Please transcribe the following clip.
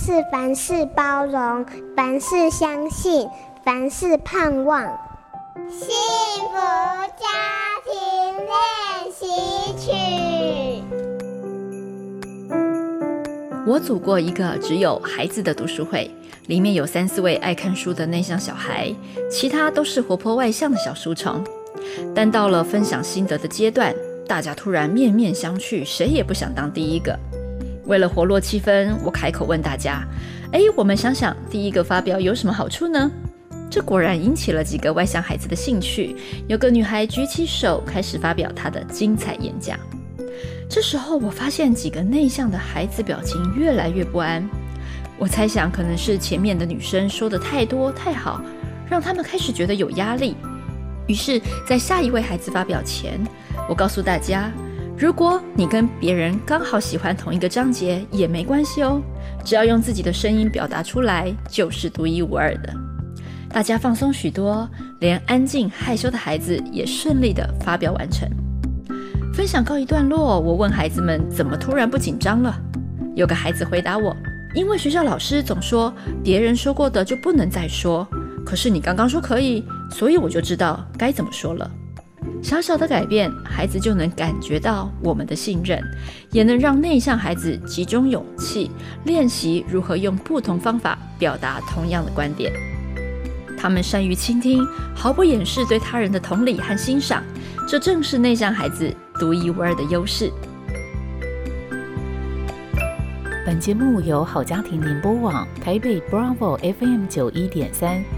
是凡事包容，凡事相信，凡事盼望。幸福家庭練習曲。我組過一個只有孩子的讀書會，裡面有三四位愛看書的內向小孩，其他都是活潑外向的小書蟲。但到了分享心得的階段，大家突然面面相覷，誰也不想當第一個。為了活絡氣氛，我開口問大家：“哎，我們想想，第一個發表有什麼好處呢？”這果然引起了幾個外向孩子的興趣。有個女孩舉起手，開始發表她的精彩演講。這時候，我發現幾個內向的孩子表情越來越不安。我猜想，可能是前面的女生說得太多太好，讓他們開始覺得有壓力。於是，在下一位孩子發表前，我告訴大家，如果你跟別人剛好喜歡同一個章節，也沒關係哦，只要用自己的聲音表達出來就是獨一無二的。大家放鬆許多，連安靜害羞的孩子也順利的發表完成。分享告一段落，我問孩子們怎麼突然不緊張了？有個孩子回答我：“因為學校老師總說別人說過的就不能再說，可是你剛剛說可以，所以我就知道該怎麼說了。”小小的改變，孩子就能感覺到我們的信任，也能讓內向孩子集中勇氣，練習如何用不同方法表達同樣的觀點。他們善於傾聽，毫不掩飾對他人的同理和欣賞，這正是內向孩子獨一無二的優勢。本節目由好家庭聯播網台北 Bravo FM 九一點三。